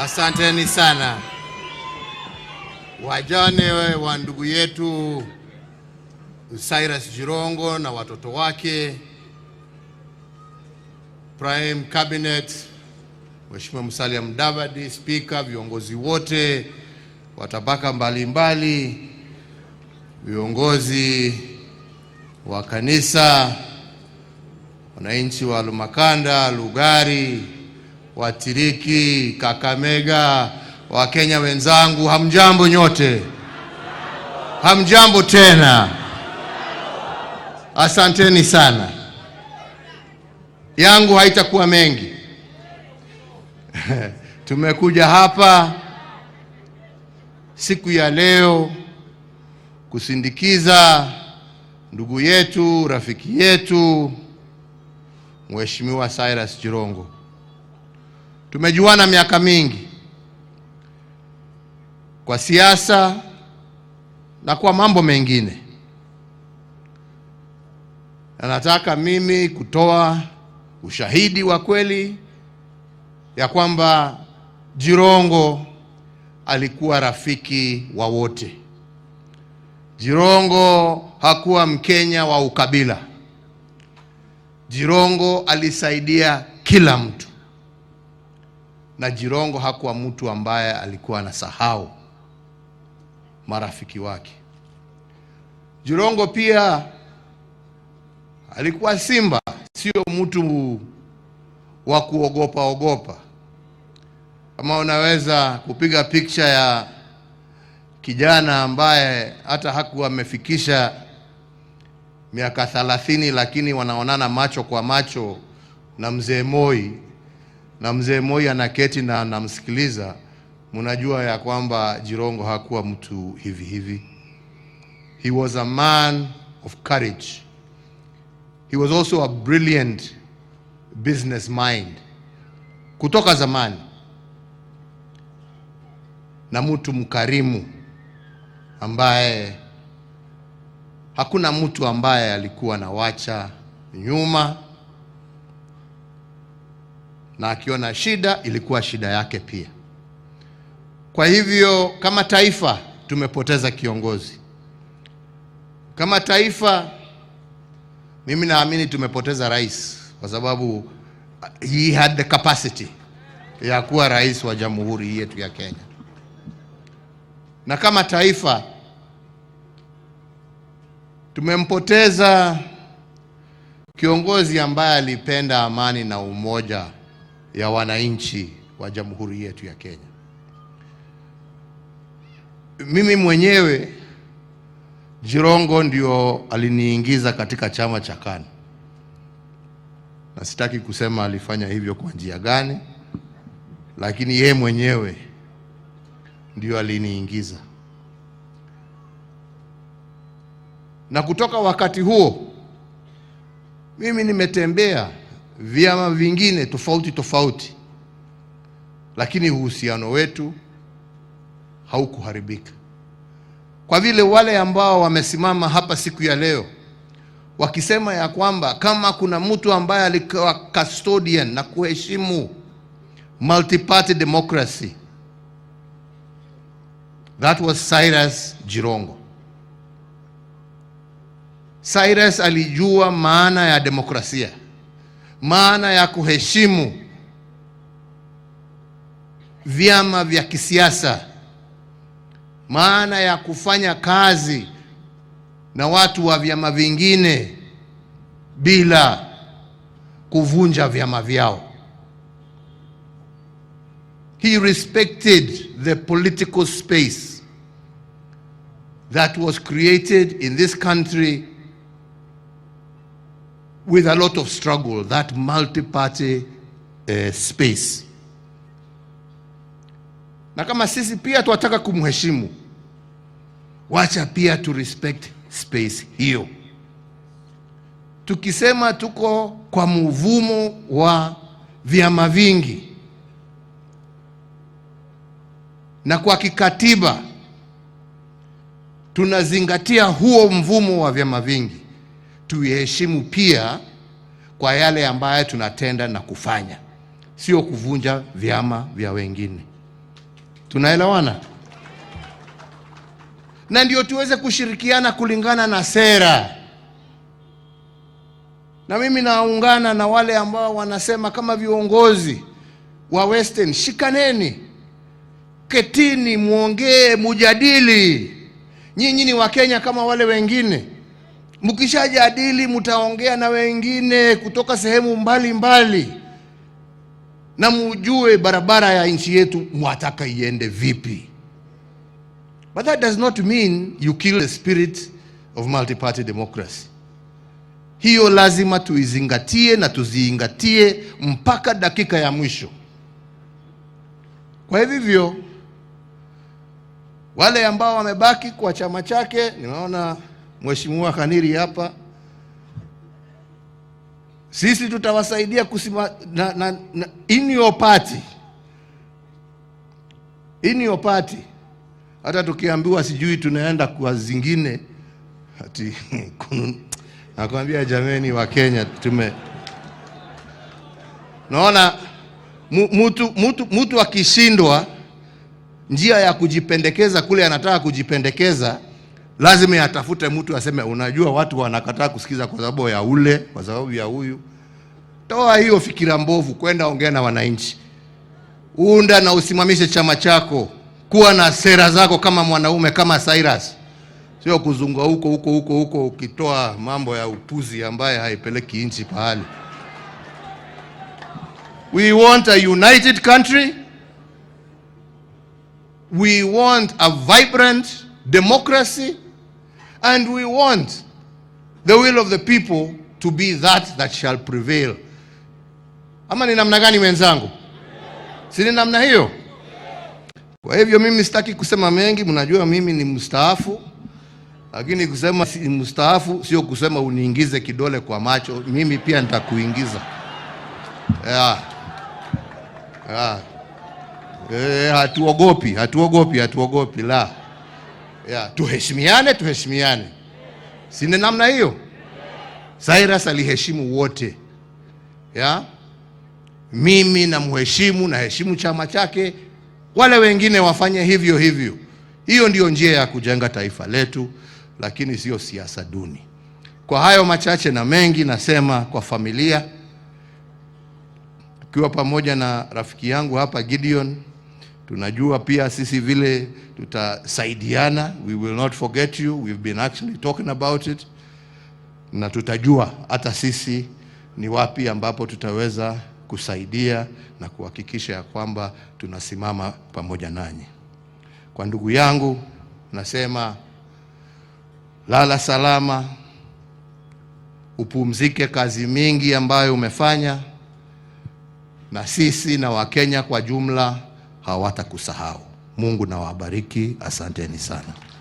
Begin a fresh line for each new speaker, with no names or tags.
Asanteni sana wajane wa ndugu yetu Cyrus Jirongo na watoto wake, Prime Cabinet, Mheshimiwa Musalia Mudavadi, spika, viongozi wote wa tabaka mbalimbali, viongozi wa kanisa, wananchi wa Lumakanda, Lugari Watiriki, Kakamega, Wakenya wenzangu, hamjambo nyote? Hamjambo tena? Asanteni sana. Yangu haitakuwa mengi. Tumekuja hapa siku ya leo kusindikiza ndugu yetu, rafiki yetu Mheshimiwa Cyrus Jirongo Tumejuana miaka mingi kwa siasa na kwa mambo mengine, na nataka mimi kutoa ushahidi wa kweli ya kwamba Jirongo alikuwa rafiki wa wote. Jirongo hakuwa Mkenya wa ukabila. Jirongo alisaidia kila mtu na Jirongo hakuwa mtu ambaye alikuwa anasahau marafiki wake. Jirongo pia alikuwa simba, sio mtu wa kuogopa ogopa. Kama unaweza kupiga picha ya kijana ambaye hata hakuwa amefikisha miaka thalathini, lakini wanaonana macho kwa macho na mzee Moi na mzee Moi anaketi na anamsikiliza, mnajua ya kwamba Jirongo hakuwa mtu hivi hivi.
He was a man of courage. He was also a brilliant business mind kutoka zamani, na mtu mkarimu ambaye hakuna mtu ambaye alikuwa anawacha nyuma na akiona shida ilikuwa shida yake pia. Kwa hivyo kama taifa tumepoteza kiongozi, kama taifa mimi naamini tumepoteza rais, kwa sababu uh, he had the capacity ya kuwa rais wa jamhuri yetu ya Kenya, na kama taifa tumempoteza kiongozi ambaye alipenda amani na umoja ya wananchi wa jamhuri yetu ya Kenya. Mimi mwenyewe Jirongo ndio aliniingiza katika chama cha KANU, na sitaki kusema alifanya hivyo kwa njia gani, lakini yeye mwenyewe ndio aliniingiza, na kutoka wakati huo mimi nimetembea vyama vingine tofauti tofauti, lakini uhusiano wetu haukuharibika kwa vile wale ambao wamesimama hapa siku ya leo wakisema ya kwamba kama kuna mtu ambaye alikuwa custodian na kuheshimu multiparty democracy that was Cyrus Jirongo. Cyrus alijua maana ya demokrasia maana ya kuheshimu vyama vya kisiasa, maana ya kufanya kazi na watu wa vyama vingine bila kuvunja vyama vyao. He respected the political space that was created in this country with a lot of struggle, that multi-party uh, space. Na kama sisi pia tuataka kumheshimu, wacha pia tu respect space hiyo. Tukisema tuko kwa mvumo wa vyama vingi na kwa kikatiba tunazingatia huo mvumo wa vyama vingi tuiheshimu pia kwa yale ambayo tunatenda na kufanya, sio kuvunja vyama vya wengine. Tunaelewana? Na ndio tuweze kushirikiana kulingana na sera. Na mimi naungana na wale ambao wanasema kama viongozi wa Western, shikaneni, ketini, muongee, mujadili. Nyinyi ni Wakenya kama wale wengine mkishajadili mtaongea na wengine kutoka sehemu mbalimbali mbali, na mujue barabara ya nchi yetu mwataka iende vipi. But that does not mean you kill the spirit of multi-party democracy. Hiyo lazima tuizingatie na tuziingatie mpaka dakika ya mwisho. Kwa hivyo wale ambao wamebaki kwa chama chake nimeona Mheshimiwa Khaniri hapa, sisi tutawasaidia kusima na, na, na, in your party, in your party. Hata tukiambiwa sijui tunaenda kwa zingine ati nakwambia jameni, wa Kenya tume naona mtu mtu mtu akishindwa njia ya kujipendekeza kule anataka kujipendekeza lazima yatafute mtu aseme, unajua watu wanakataa kusikiza kwa sababu ya ule, kwa sababu ya huyu. Toa hiyo fikira mbovu, kwenda ongea na wananchi, unda na usimamishe chama chako, kuwa na sera zako kama mwanaume, kama Cyrus, sio kuzunga huko huko huko huko ukitoa mambo ya upuzi ambaye haipeleki nchi pahali. We want a united country. We want a vibrant democracy. And we want the will of the people to be that that shall prevail. Ama ni namna gani wenzangu? Si ni namna hiyo? Kwa hivyo mimi sitaki kusema mengi, mnajua mimi ni mstaafu, lakini kusema si mstaafu sio kusema uniingize kidole kwa macho, mimi pia nitakuingiza. Yeah. Yeah. hatuogopi, hatuogopi, hatuogopi la yeah. Tuheshimiane, tuheshimiane, sina namna hiyo. Cyrus aliheshimu wote ya Mimi namheshimu, naheshimu chama chake, wale wengine wafanye hivyo hivyo. Hiyo ndiyo njia ya kujenga taifa letu, lakini sio siasa duni. Kwa hayo machache na mengi, nasema kwa familia, ukiwa pamoja na rafiki yangu hapa Gideon Tunajua pia sisi vile tutasaidiana, we will not forget you, we've been actually talking about it, na tutajua hata sisi ni wapi ambapo tutaweza kusaidia na kuhakikisha ya kwamba tunasimama pamoja nanyi. Kwa ndugu yangu nasema lala salama, upumzike kazi mingi ambayo umefanya, na sisi na Wakenya kwa jumla hawatakusahau. Mungu nawabariki, asanteni sana.